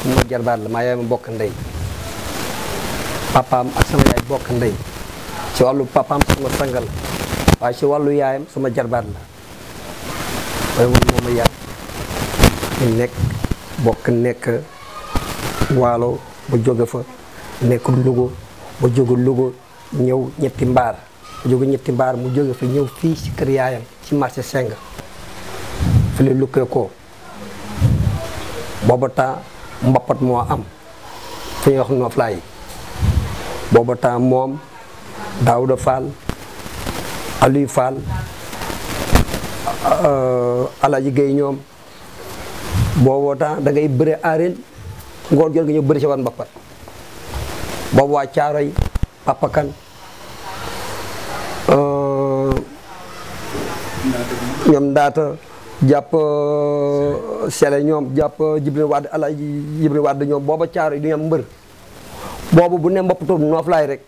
suma jarbaat la maa yaay ma bokk ndey papaam ak sama yaay bokk ndey ci wàllu papaam suma sangal waaye ci wàllu yaayam suma jarbaat la mooy wan moom nekk bokk nekk waalo ba jóge fa nekk lugo ba jóge lugo ñëw ñetti mbaar ñetti mbaar mu jóge fa ñëw fii ci kër yaayam ci marché Seng fi la lukkee ko booba mbappat moo am fi ñuy wax Noflaay booba temps moom Daouda Fall Aliou Fall euh, Alaji Gueye ñoom booba temps da ngay bëre aareel ngoon jot nga ñëw bëri si wan mbappat boobu waa Caaroy Papa euh, ñoom ndaata jàpp euh, Sele ñoom jàpp euh, Jibril Wade ala Jibril Wade ñoom booba caaro du ñu mbër boobu bu ne mboppatoo noof rek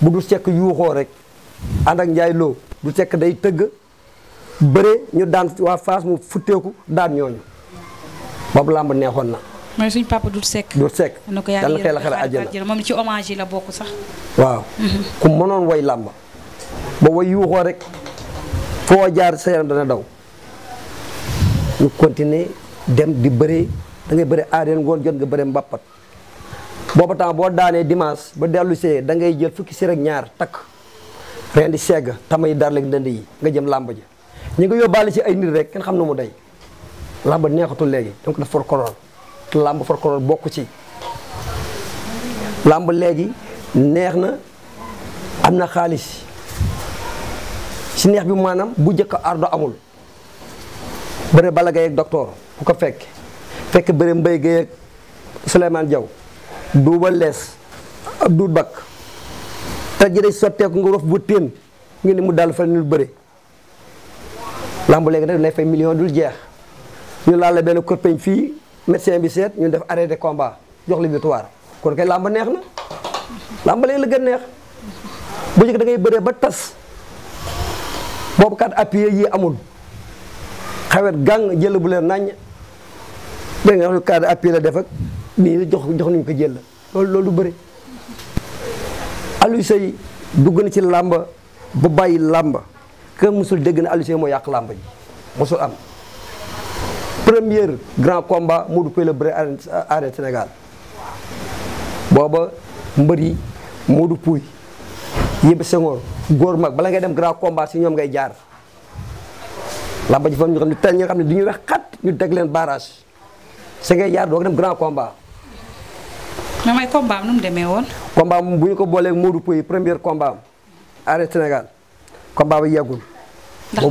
bu du sekk yuuxoo rek ànd ak njaay loo du sekk day tëgg bëre ñu daan waa Fass mu futteeku daan ñooñu boobu làmb neexoon na mooy suñ papa Dut Seck. Dut Seck dana ko yàlla xel xel àjjana moom ci hommage yi la bokk sax. waaw. ku mënoon way làmb ba way yuuxoo rek foo jaar sa yaram dana daw. ñu continuer dem di bëre dangay ngay bëre aareen ngoon jot nga bëre mbàppat booba temps boo daanee dimanche ba dellu see da ngay jël fukki si rek ñaar takk ren di segg tamay dar leeg ndënd yi nga jëm làmb ji ñu nga yóbbaale ci ay nit rek kenn xam na mu day làmb neexatul léegi donc daf forkorool te làmb forkorool bokk ci làmb léegi neex na am na xaalis si neex bi maanaam bu njëkk ardo amul bëre Balla Gaye ak docteur ku ko fekk fekk bëre Mbaye Guèye ak Souleymane Diaw Double Less Abdou Bakk te ji day sotteeku bu teen ngeen mu daal fa nul bëre lamb léegi million dul jeex ñu laal la benn korpeñ fii médecin bi seet ñu def arrêté combat jox li victoire neex na la gën neex bu njëkk da ngay bëree ba tas boobu kat appui yi amul xawet gàng jël bu leen naññ dégg nga wax cadre appui la def jox jox nañu ko jël loolu loolu bëri Aliou Seye dugg na ci làmba bu bàyyi làmba kenn mosul dégg na Aliou moo yàq làmba ji mosul am premier grand combat Modou Pouye la bëre arène Sénégal booba mbër yi Modou Pouye yëpp Senghor góor mag bala ngay dem grand combat si ñoom ngay jaar làmba ji fa ñu xam ne teel ñi nga xam ne du ñuy wax xat ñu deg leen barrage sa ngay jaar doog dem grand combat. mais mooy combat am nu mu demee woon. combat am bu ñu ko booleeg Modou Pouye premier combat am arrêt Sénégal combat ba yeggul. la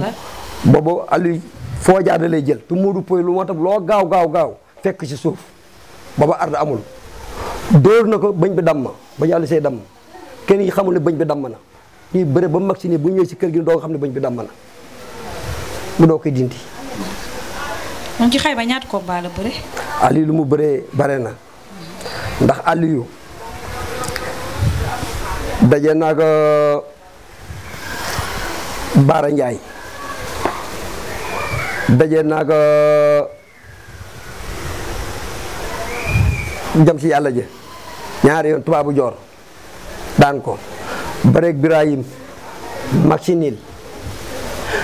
boobu Aliou foo jaar jël te Modou Pouye lu moo tax loo gaaw gaaw gaaw fekk ci suuf boobu arda amul. dóor na ko bëñ bi damm bañ Aliou say damm kenn yi xamul ne bëñ bi damm na ñuy bëre ba mag si nii bu ñëwee ci kër gi doo xam ne bëñ bi damm na. mu doo koy dindi. moom ci xayma ñaata combat la bëre. Aliou lu mu bëree bare na ndax Aliou daje naa ko euh, Baara Ndiaye daje naa ko euh, jam si yàlla jë ñaari yoon tubaabu joor daan ko bëreeg Birahim Maxinil.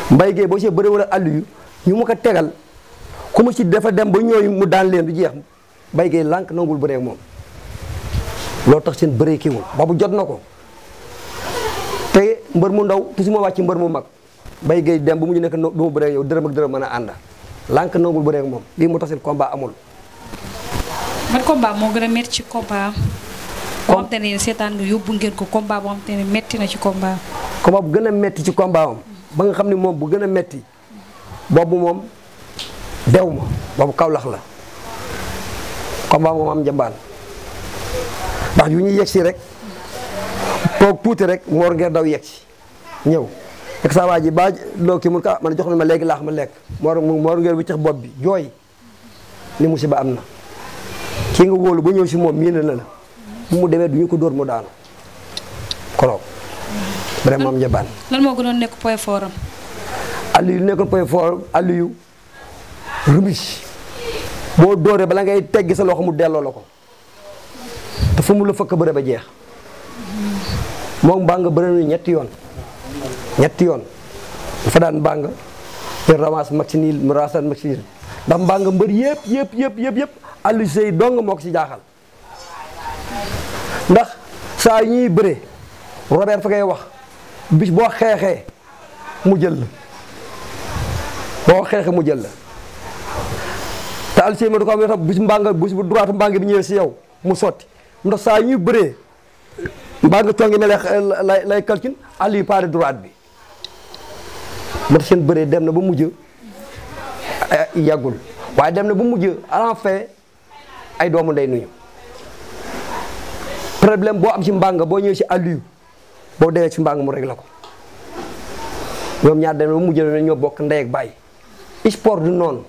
mbay gee boo see bëri wala àll yu ñu ma ko tegal ku mu ci dafa dem ba ñooy mu daan leen du jeex mbay gee lànk nangul bëree moom loo tax seen bëree kiiwul jot na ko te mbër mu ndaw toujours ma wàcc mbër mu mag mbay gee dem mu ñu nekk du yow dërëm ak mën a ànda lànk nangul bëree moom lii moo tax seen amul. man combat moo gën a métti ci combat. boo xam te ne seetaan nga yóbbu ngeen ko combat boo xam te ne métti na ci combat. combat bu gën a metti ci combat ba nga xam ni moom bu gën a metti boobu moom dew ma boobu kawlax la combat ma am njambaan ndax yu ñu yegsi rek toog tuuti rek moor ngeen daw yegsi ñëw rek saa waa ji ba loo ki mun ko ah, man jox na ma léegi laax ma lekk moor moor ngeen wiccax bopp bi jooy ni ba am na kii nga wóolu ba ñëw si moom miin na la mu demee du ñu ko dóor mu daanu koroog moom Ndiabane. lan moo ko gënoon nekk point fort am. Aliou nekkul point fort Aliou remise boo dóoree bala ngay teggi sa loxo mu delloo la ko te fu mu la fëkk bëre ba jeex moom Mbanga bëre na ñetti yoon ñetti yoon dafa daan Mbanga te ramas maxinil mu rasan maxinil ndax Mbanga mbër yëpp yëpp yëpp yëpp yëpp Aliou dong moo ko si jaaxal ndax saa ñuy bëre Robert fa ngay wax. bis boo xeexee mu jël la boo xeexee mu jël la te alcim da ko am yoo tax bis mbaa nga bis bu droite mbaa bi ñëwee si yow mu sotti ndax saa ñuy bëree mbaa nga congi lay lay calcul àll yi paare droite bi moo tax seen bëree dem na ba mujj eh, yàggul waaye dem na ba mujj à fin ay doomu ndey nuñu problème boo am si mbaa nga boo ñëwee si àll boo dewee ci mbaang mu rek la ko ñoom ñaar dem ba mujj na ñoo bokk ndey ak baay sport du noonu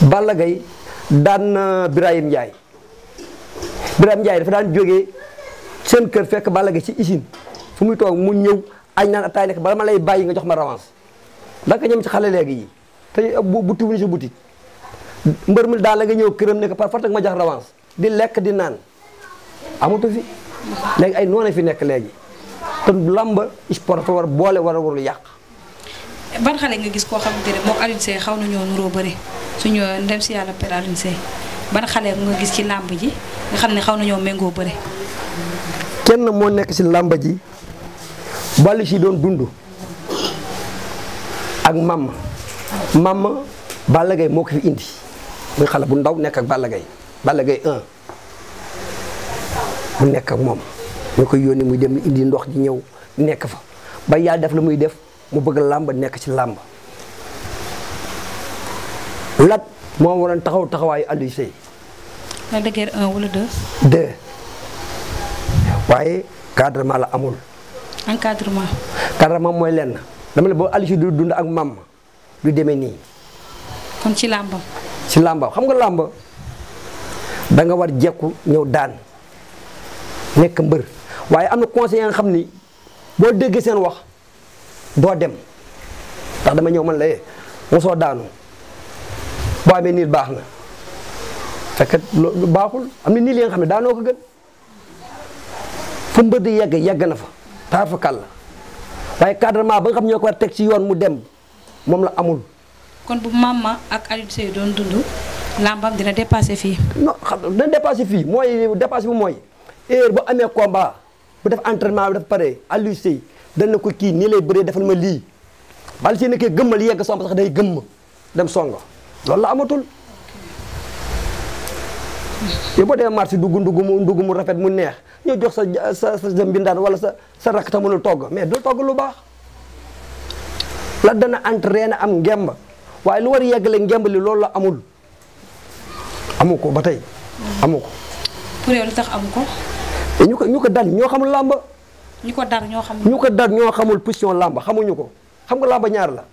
Balla Gaye daan na Birahim Ndiaye Birahim Ndiaye dafa daan jógee seen kër fekk Balla Gaye ci usine fu muy toog mu ñëw añ naan ataay nekk bala ma lay bàyyi nga jox ma revanche danga ñam ci xale léegi yi te bu bu tiwuñu si boutique mbër mi daal la nga ñëw këram nekk par force ma jox revanche di lekk di naan amatu fi. léegi ay noonu fi nekk léegi te làmb sport dafa war boole war a warul yàq. ban xale nga gis koo xam ne moom Alioune Seye xaw nañoo nuroo bëri suñu euh, ndem si yàlla per Alioune gis ci làmb ji ne xaw nañoo méngoo bëri. kenn moo nekk si làmb ji bàllu si doon dund ak mam mam Balla Gaye moo ko fi indi muy xale bu ndaw nekk ak Balla Gaye Balla Gaye mu nekk ak moom ñu koy yónni muy dem indi ndox di ñëw nekk fa ba yàlla def la muy def mu bëgg làmba nekk ci làmb lat moo waroon taxaw taxawaayu Aliou Seye Lac waaye cadrement la amul encadrement cadrement mooy lenn dama ne boo Aliou du dund ak mam du deme nii kon ci làmbam si làmbam xam nga làmb danga war jekku ñëw daan nekk mbër waaye am na conseillers nga xam ni boo déggee seen wax boo dem ndax dama ñëw man la yee eh, mosoo daanu boo amee nii baax na fekk lu baaxul am na niil yi xam ne daanoo ko gën fu mbër di yegg yegg na fa taar fa kàll waaye cadrement ba nga xam ñoo ko war teg ci yoon mu dem moom la amul. kon bu ma ak Aliou Seye doon dund làmbam dina dépassé fii. non xam dina dépassé fii mooy dépassé bu mooy. heure bu amee komba bu def entraînement bi daf pare Aliou Seye dana ko kii nii lay bëree defal ma lii bal si nekkee gëmmal yegg somb sax day gëmm dem songa loolu la amatul yow boo demee marché dugg ndugg mu ndugg mu rafet mu neex ñoo jox sa sa sa mbindaan wala sa sa rakk ta mënul togg mais du togg lu baax la dana na am ngemb waaye lu war a yeggale ngemb li loolu la amul amu ko ba tey amuko ko ko te ñu ko ñu ko dal ñoo xamul làmba. ñu ko dar ñoo xamul ñu ko dar ñoo xamul position làmba xamuñu ko xam nga làmba ñaar la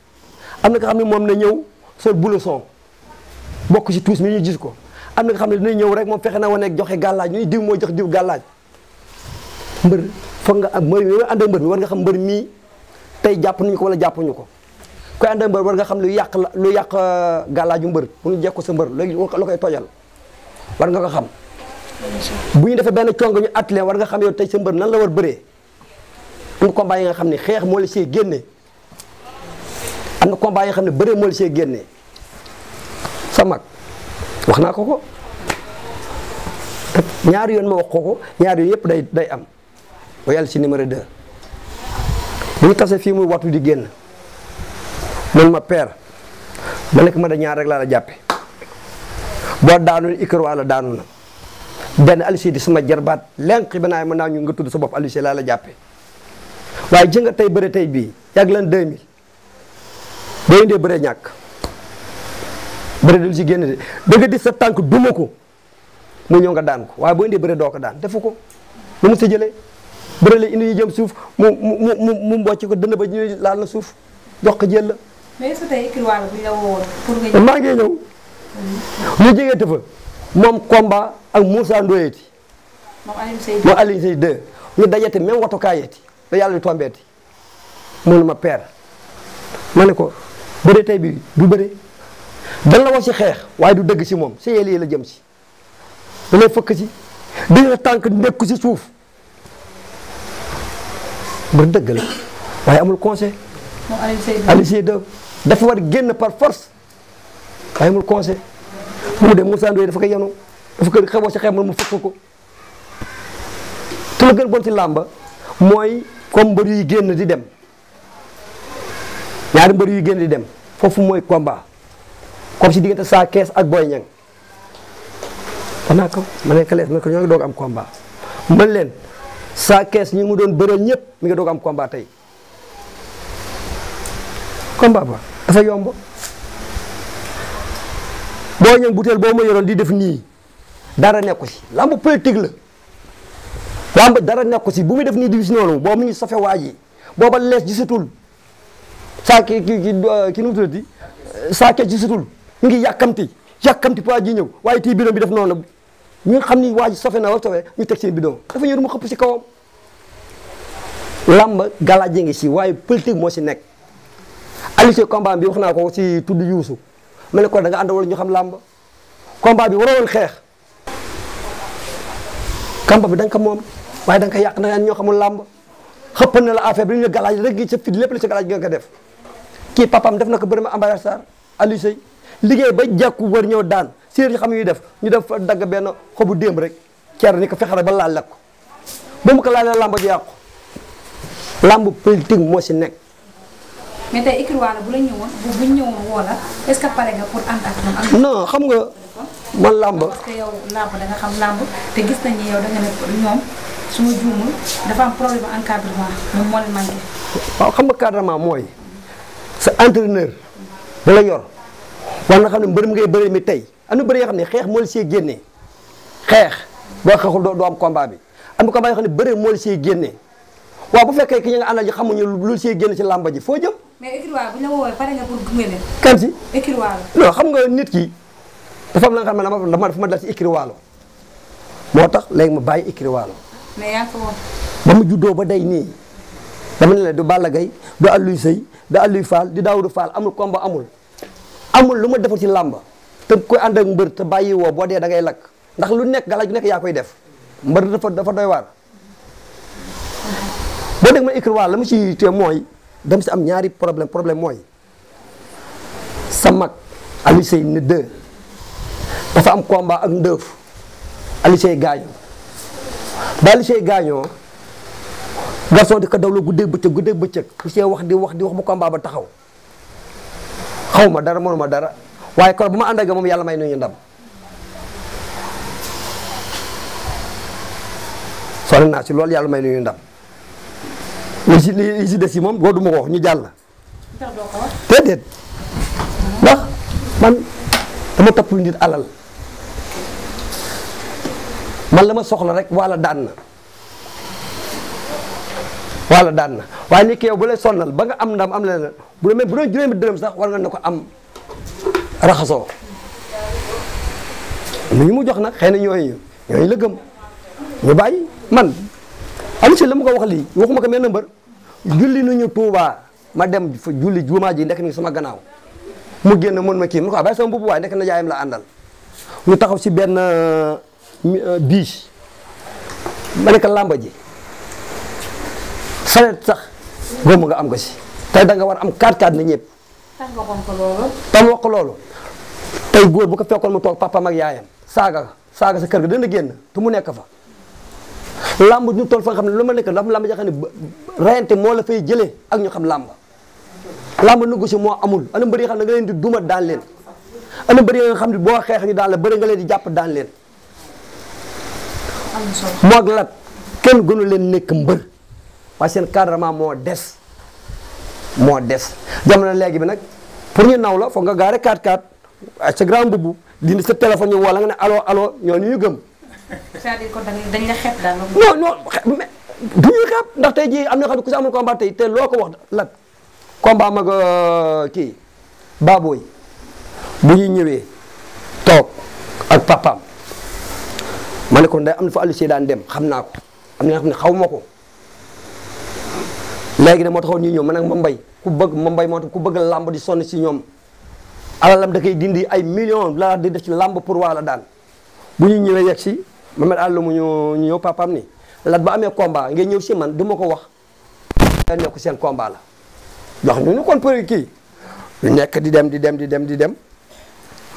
am na nga xam ne moom na ñëw sol blouson bokk si tuus mi ñu gis ko am na nga xam ne dina ñëw rek moom fexe na wane joxe gàllaaj ñu diw mooy jox diw gàllaaj mbër foog nga am mbër mi ànd mbër mi war nga xam mbër mii tey jàpp nañu ko wala jàppuñu ko koy war nga xam lu yàq la lu yàq euh, gàllaaju mbër bu ñu jekk ko sa mbër léegi la koy tojal war nga ko xam bu ñu defee benn cong ñu at leen war nga xam yow tey sa mbër nan la war bëree am na combat yi nga xam ne xeex moo la see génne am na combat yi nga xam ne bëree moo la see génne sa mag wax naa ko ko ñaari yoon ma wax ko ko ñaari yoon yëpp day day am ba yàlla si numéro 2 bu ñu tase fii muy waxtu di génn man ma père ma nekk ma da ñaar rek laa la jàppe boo daanul ikar wala daanu na benn Alioune di sama jarbaat lenq ba naa mën naa ñu nga tudd sa bopp Alioune laa la jàppee waaye ji tey bëre tey bii yàgg lan 2000 boo indee bëre ñàkk bëre dul ci génn de dëgg di sa tànk duma ko mu ñëw nga daan ko waaye boo indee bëre doo ko daan defu ko lu si jële bëre la indi ñu jëm suuf mu mu mu mu mbocc ko dënd ba ñu laal na suuf jox ko jël la. mais est-ce que maa ngi ñëw ñu mm-hmm. jege te moom Komba ak Moussa Ndoyeeti. moom Alioune Seye 2 moom Alioune Seye 2 ñu dajeeti même watukaayeti yàlla di tombeeti mu ne ma ne ko bëre tey bi du bëre dan la wax ci xeex waaye du dëgg si moom si yéen yi la jëm si. da lay fëkk si dina tànk nekku si suuf ba dëgg la waaye amul conseil. moom Alioune Seye dafa war génn par force waaye amul conseil. mu dem Moussa Ndoye dafa koy yanu dafa koy xeboo ci xemal mu fekk ko te lu gën bon ci làmba mooy comme mbër yuy génn di dem ñaari mbër yuy génn di dem foofu mooy komba kom si diggante saa kees ak Boy Niang wax naa ko ma ne lees na ko ñoo ngi doog am komba man leen saa kees ñu mu doon bëreel ñëpp mi ngi doog am komba tey combat ba dafa yomb boo ñëw butéel boo ma yoroon di def nii dara nekku si lamb politique la lamb dara nekku si bu muy def nii di gis noonu boo mu ngi sofe waa ji booba lees gisatul saa ki ki ki nu mu tuddati ke gisatul mu ngi yàkkamti yàkkamti waa ji ñëw waaye tii bidon bi def noonu la ñu xam ni waa ji safe na wala safe ñu teg seen bidon dafa ñëw mu xëpp si kawam lamb galaaje ngi si waaye politique moo si nekk Aliou combat bi wax naa ko si tudd Youssou ma ne ko da nga ànd wala ñu xam làmb combat bi waroon xeex combat bi da ko moom waaye da nga ko yàq na ñoo xamul làmb xëppal na la affaire bi ñu galaaj rek gi sa fit lépp la sa galaaj gi def kii papam def na ko bëri ma Ambara Sarr Aliou Seye liggéey ba jàkku wër ñëw daan séeréer yi xam ñuy def ñu def dagg benn xobu démb rek cer ni ko fexere ba laal la ko ba mu ko laalee làmb ji yàqu làmb politique moo si nekk mais tey écrit waale bu la ñëwoon bu ñëwoon woo la est que pare nga pour ànd ak xam nga man làmb. parce yow làmb xam làmb te gis nañu yow da nga ñoom su ma dafa am problème encadrement moom moo leen manqué. waaw xam nga encadrement mooy sa entraîneur ba la yor war na xam ne mbërëm ngay bëree mi tey am na bëri yoo xam ne xeex moo la see génnee xeex boo xeexul doo am combat bi am na combat yoo xam ne bëri moo la see génnee waaw bu fekkee ki nga àndal ji xamuñu lu see génne ci làmb ji foo jëm. mais écrit bu ñu la woowee pare nga pour xam nga nit ki dafa la xam ne dama dama dafa ma dal si écrit waalo moo tax léegi mu bàyyi écrit waalo. mais ba mu juddoo ba day nii dama ne la du Balla Gaye du Alioune Seye du Alioune Fall du Daoudou Fall amul combat amul amul lu ma defal ci làmb te koy ànd ak mbër te bàyyi woo boo dee da ngay lakk ndax lu nekk galaaj bu nekk yaa koy def mbër dafa dafa doy waar. boo dégg ma écrit waalo la mu ci mooy. dem si am ñaari problème problème mooy sa mag Aliou Seye ne dafa am combat ak ndëf Aliou Seye gaañoo ba Aliou Seye gaañoo garçon di ko dawloo guddee bëccëg guddee bëccëg ku see wax di wax di wax bu combat ba taxaw xaw ma dara mënuma dara waaye kon bu ma ànd ak moom yàlla may nañu ndam sonn naa si loolu yàlla may nañu ndam li si li si des yi moom duma ko wax ñu jàll. déedéet ndax man dama toppul nit alal man la ma soxla rek walla daan na daan na waaye ni keew bu lay sonnal ba nga am ndam am leneen bu doon bu doon juróomi dërëm sax war nga ne ko am raxasoo lu ñu mu jox na xëy na ñooñu ñooñu la gëm ñu bàyyi man. Aliou Cissé la mu ko wax lii waxuma ko benn mbër julli nañu Touba ma dem fa julli jumaa ji nekk ni sama gannaaw mu génn mën ma kii mu ko ah, bàyyi sama mbubb waaye nekk na jaayam la àndal ñu taxaw si benn euh, euh, biis ma nekk làmba ji sareet sax góob nga am ko si tey danga war am 4-4 na ñëpp. tax nga loolu. tax wax góor bu ko fekkoon mu toog papaam ak yaayam saaga saaga sa kër ga dana génn te mu nekk fa. làmb ñu toll fa nga xam ne lu ma nekk dafa làmb ja xam ne rayante moo la fay jëlee ak ñu xam làmb làmb négocié moo amul ana bari nga xam ne nga leen di duma daan leen ana mbëri nga xam ne boo xeex ñu daan la bëri nga leen jàpp daan leen moo ak lat kenn leen nekk mbër waaye seen cadrement moo des moo des jamono léegi bi nag pour ñu naw la foog nga gaare 4-4 ak ah, sa grand mbubb dindi sa téléphone ñu woo la alo alo allo allo ñoo ñu gëm c'est-à-dire kon ndax tey jii am na xam ne ku si amul tey te loo ko wax lag combat euh, kii baabooy bu ñuy ñëwee toog ak papaam ma ne kon day am na fa Aliou daan dem xam naa ko am na xam ne xaw ma ko léegi nag moo taxoon ñuy ñëw man ak ma mbay ku bëgg ma mbay moo tax ku bëgg làmb di sonn si ñoom alalam da kay dindi ay millions la di def ci làmb pour waa la daan bu ñuy ñëwee yegg si Mamed Àllu mu ñu ñëw papam ni Lat ba amee combat ngeen ñëw si man du ma ko wax day nekk seen combat la jox ñu ñu kon për kii ñu nekk di dem di dem di dem di dem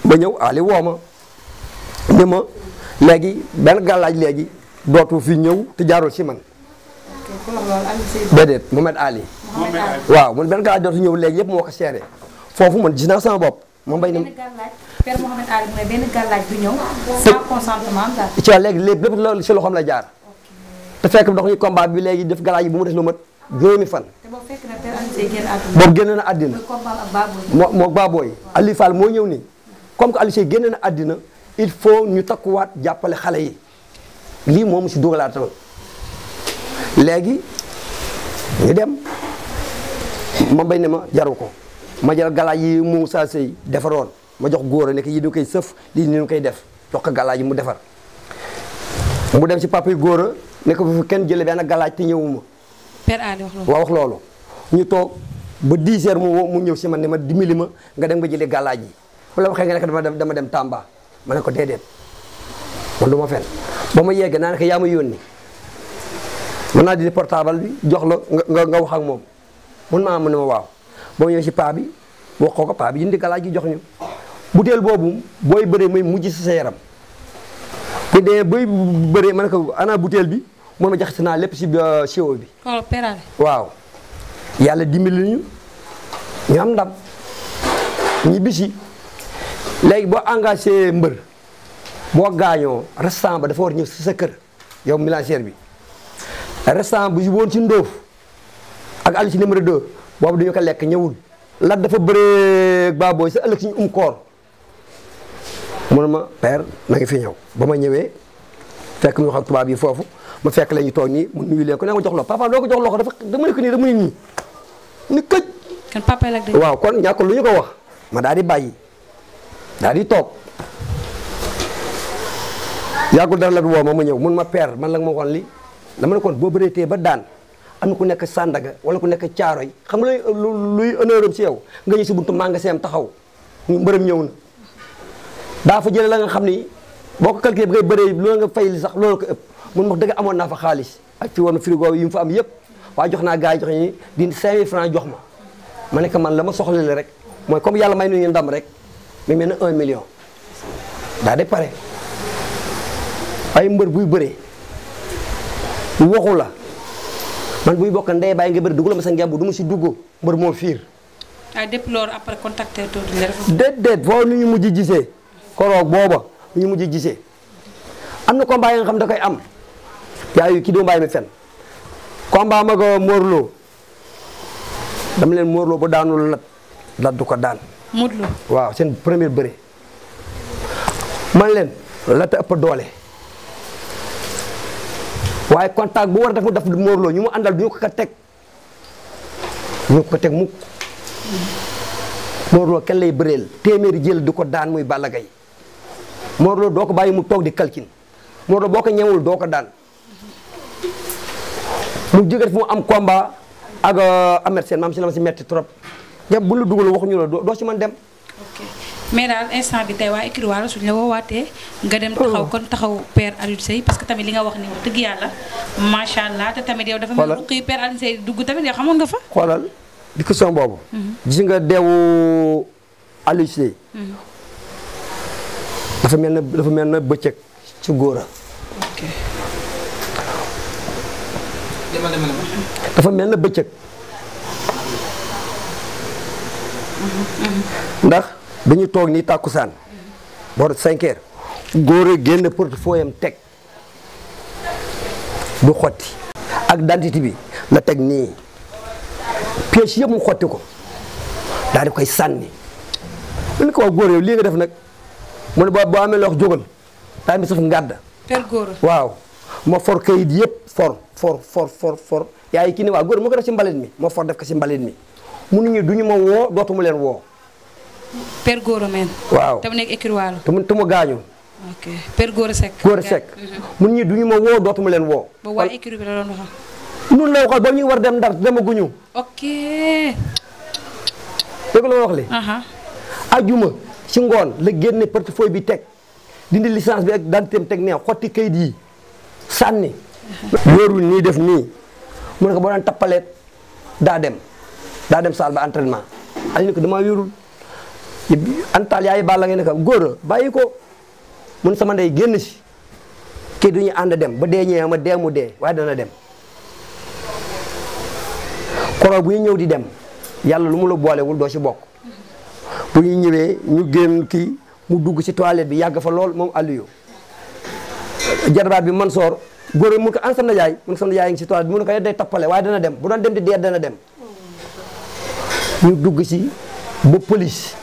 ba ñëw Ali woo ma ni ma léegi benn gàllaaj léegi dootu fi ñëw te jaarul si man mu Mohamed Ali waaw mun benn gàllaaj dootu ñëw léegi yëpp moo ko seere foofu mun gis naa sama bopp ma mbay na Père Mouhamed Ali mooy benn gàllaaj bu ñëw. sans si loxoom la jaar. te fekk dox ñu combat bi léegi def galaaj yi bu mu des lu mat juróomi fan. boobu na Père Alioune Seye génn na àddina moo moo Baboy Aliou moo ñëw ni comme que Alioune Seye génn na àddina il faut ñu takkuwaat jàppale xale yi lii moom si dugalaat tamit léegi ñu dem ma bañ ne ma jaru ko ma jël galaaj yi Moussa Seye defaroon. ma jox góor a nekk yi ñu koy sëf lii ni ñu koy def jox ko galaaj yi mu defar mu dem si papa yi góor ne ko kenn jële benn galaaj te ñëwuma père Adi wax loolu waaw wax loolu ñu toog ba 10 heures mu mu ñëw si man ne ma dimbali ma nga dem nga jëlee galaaj yi bu la waxee nga dama dem dama dem Tamba ma ne ko déedéet man du ma fen ba ma yeggee naa ne yaa ma yónni mën naa di portable bi jox la nga nga moom mun maa mu ne ma waaw ba ma ñëw si paa bi wax ko ko paa bi galaaj gi jox ñu butéel boobu booy bëree may mujj si sa yaram bu dee booy bëree ma ne ko ana butéel bi moom a jaxase naa lépp si CO bi. Euh, oh, waaw yàlla dimbali ñu am ndam ñu bisi boo engagé mbër boo gaañoo restant ba si sa kër yow milancière bi restant bu woon si ndóof ak àll si numéro 2 boobu dañu ko lekk ñëwul. lat dafa bëree baabooy sa ëllëg suñu um koor mu ne ma père na ngi fi ñëw ba ma ñëwee fekk ñu wax ak yi foofu ma fekk la ñu toog nii mu nuyu leen ko ne ma jox loxo papa doo ko jox loxo dafa dama ne ko nii dama ni këj. kon waaw kon ñàkkul lu ñu ko wax ma daal di bàyyi daal di toog yàggul dara la du woo ma ma ñëw mun ma père man la ma waxoon li dama ne kon boo tee ba daan. am na ku nekk Sandaga wala ku nekk Caaroy xam nga luy luy honneur am si yow nga ñëw si buntu maa nga seem taxaw mbërëm ñëw na daa fa jële la nga xam ni boo ko calculé bi ngay bëree loolu nga fay li sax loolu ko ëpp mun wax dëgg amoon naa fa xaalis ak fi woon frigo yi mu fa am yëpp waaye jox naa gars yi jox ñi di cinq mille francs jox ma ma ne ko man la ma soxla rek mooy comme yàlla may nu ñu ndam rek mi mel ne un million daa de pare ay mbër buy bëree waxu la man buy bokk ndey bàyyi nga bëri dugg la ma sa ngemb du ma si dugg mbër moo fiir. ah dépp loolu après contacté foo nu ñu mujj gisee. koroog booba ñu mujj gisee am na combat yi nga xam da koy am yaayu kii doo mbaay mi fen combat mag a Morlo dama leen Morlo bu daanul la lat du ko daan. Modou Lo waaw seen premier bëre man leen la a ëpp doole waaye contact bu war a def mu Morlo ñu mu àndal du ñu ko ko teg du ñu ko ko teg mukk Morlo kenn lay bëreel téeméeri jël du ko daan muy Balla Gaye Mor Lo doo ko bàyyi mu toog di kalkin Mor Lo boo ko ñemewul doo ko daan mu jëgat fi mu am combat ak euh, Amet Seen maam si la ma si metti trop jàpp bu la dugal waxuñu doo si man dem. mais daal instant bi tey waa écurie Walo la woowaatee nga dem taxaw kon taxaw père Alioune parce que tamit li nga wax ni wax dëgg yàlla macha allah te tamit yow dafa mel ni kii père Alioune tamit yow xamoon nga fa xoolal di question boobu mhm. gis nga deewu dafa mel na dafa mel na bëccëg ci góor dafa mel na bëccëg ndax dañuy ñu toog nii tàkkusaan bor cinq góor a génn portefeuille am teg du xotti ak dentité bi la teg nii pièce yëpp mu xotti ko daal di koy sànni lu ko wax góor yow lii nga def nag mu ne boo boo amee loox jógal daa mi saf ngàdd waaw ma for kayit yëpp for for for for for yaay kii ne waaw góor moo ko def ci mbalit mi moo for def ko ci mbalit mi munuñu duñu ma woo mu leen woo per góor men waaw te mu nekk écurwaal te mu mhm. ma woo dootu leen woo ba waa écur bi la ñuy war dem ndar demaguñu ok dégg la wax li ajuma ci ngoon la génne portefeuille bi teg dindi lissance bi ak danteem teg nee kotti kayit yi sànni. wóorul nii def nii mu ne ko boo daan tappaleet daa dem daa dem salle ba entraînement ali ne ko damaa wéerul antal yaay bàlla ngeen ne ko góor a bàyyi ko mun sama ndey génn si kii du ñu ànd dem ba dee ñëwee ma de mu de waaye dana dem koro bu ñu ñëw di dem yàlla lu mu la boolewul doo ci bokk bu ñu ñëwee ñu génn kii mu dugg ci toilette bi yàgg fa lool moom Aliou jarbaat bi Mansoor góor mun ko an sam na yaay mun ko sam na yaay ngi ci toilette bi ko day tappale waaye dana dem bu doon dem di dee dana dem dugg ci ba police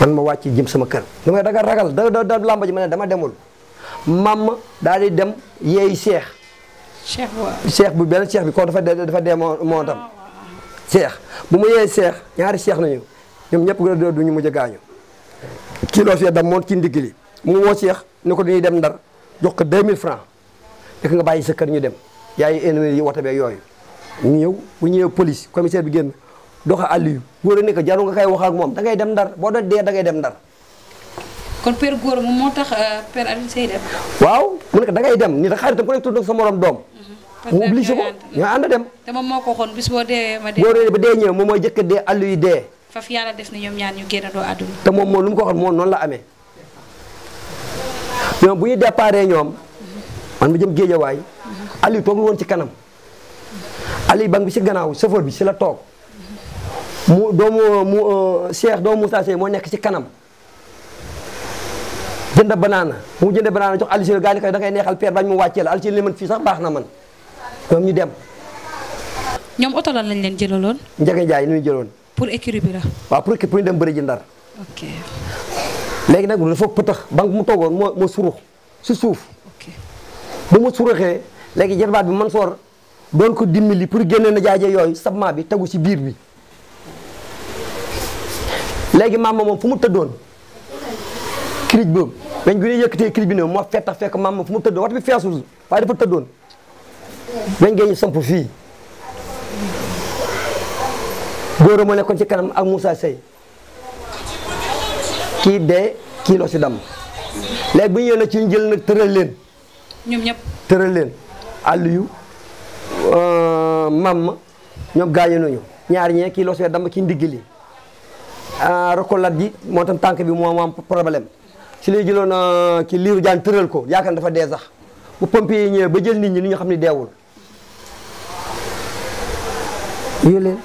man ma wàcc jëm sama kër da ma daga ragal da ji ma ne dama demul mam daal di dem yeey Cheikh Cheikh waaw Cheikh bu benn Cheikh bi ko dafa dafa demoo moo tam ah, Cheikh bu ma yeey Cheikh ñaari Cheikh nañu ñoom ñëpp gën a doon ñu mujj a gaañu kii loo see dam moon ci ndigg li mu woo Cheikh ni ko dañuy dem ndar jox ko 2000 francs dëkk nga bàyyi sa kër ñu dem yaay ennemis yi wote yooyu ñu ñëw bu ñëwee police commissaire bi génn doxa àll yu góor a ko jaru nga kay wax ak moom da ngay dem ndar boo doon dee da ngay dem ndar kon père góor moom tax euh, père Alioune Seye dem waaw ko da dem ni da xaritam ku nekk tudd sa morom te moom mm-hmm. moo ko waxoon bis boo dee ma dee boo ba dee ñëw moom mooy jëkk dee àll yi dee faf yàlla def na ñoom ñaar ñu génnandoo àdduna. te moom moom lu mu ko waxoon moom noonu la amee ñoom bu ñu déparé ñoom man ma jëm géejawaay Aliou toogul woon ci kanam Aliou bang bi ci gannaaw chauffeur bi ci la toog mu doomu mu euh, Cheikh doomu Moussa Seye moo nekk ci kanam jënd banaana mu jënd banaana jox Aliou si gaa ni koy da ngay neexal père bañ mu wàccee la Aliou si li man fii sax baax na man ñoom ñu dem. ñoom oto lan lañ leen jëlaloon. Ndiaga Ndiaye li ñu jëloon. pour écurie bi la. waaw pour écurie pour dem bëri ji ndar. ok. léegi nag dafa pëtax banque bu mu toogoon moo suru surux si suuf. ok bu léegi jarbaat bi man soor doon ko dimbali pour génne na jaaje yooyu sabment bi tagu si biir bi. léegi maam moom fu mu tëddoon kirij boobu dañ gën a yëkkatee kirij bi ne moo fekk fekk maam moom fu mu tëddoon waxtu bi feesul waaye dafa tëddoon dañ gën ñu samp fii. góor a moo nekkoon ci kanam ak Moussa Seye kii dee kii loo si dam léegi bu ñu ci ñu jël nag tëral leen. ñoom ñëpp tëral leen Aliou euh, Mam ñoom gaañu nañu ñaar ñee kii loo see dam kii ndigg li euh, rokolat ji moo tam tànk bi moo am problème si lay jëloon euh, ki liiru jaan tëral ko yaakaar dafa dee sax bu pompier yi ñëwee ba jël nit ñi ni ñu xam ne deewul yooyu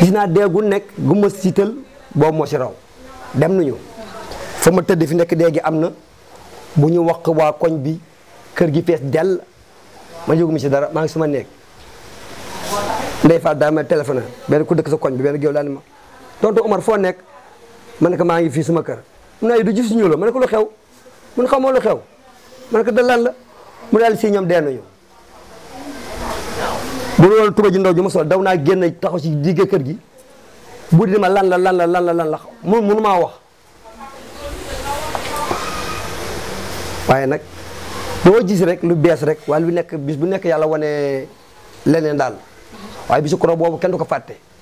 gis naa dee gu nekk gu ma siital boobu moo dem nañu fa ma tëdd fi nekk dee gi am na bu ñu wax waa koñ bi kër gi fees dell ma yëguma si dara maa ngi suma nekk ndey Fall daal ma téléphone benn ku dëkk sa koñ bi benn géew laa ne ma tonton Omar foo nekk ma ne ko maa ngi fii suma kër mun naa yi du gis ñu la ma ne ko lu xew mun xamoo lu xew ma ne lan la mu daal si ñoom dee nañu bu loolu tuba ji ndaw ji ma sol daw naa génn taxaw ci digg kër gi bu di ma lan la lan la lan la lan la mun munu maa wax waaye nag boo gis rek lu bees rek waaye lu nekk bis bu nekk yàlla wane leneen daal waaye bisu koro boobu kenn du ko fàtte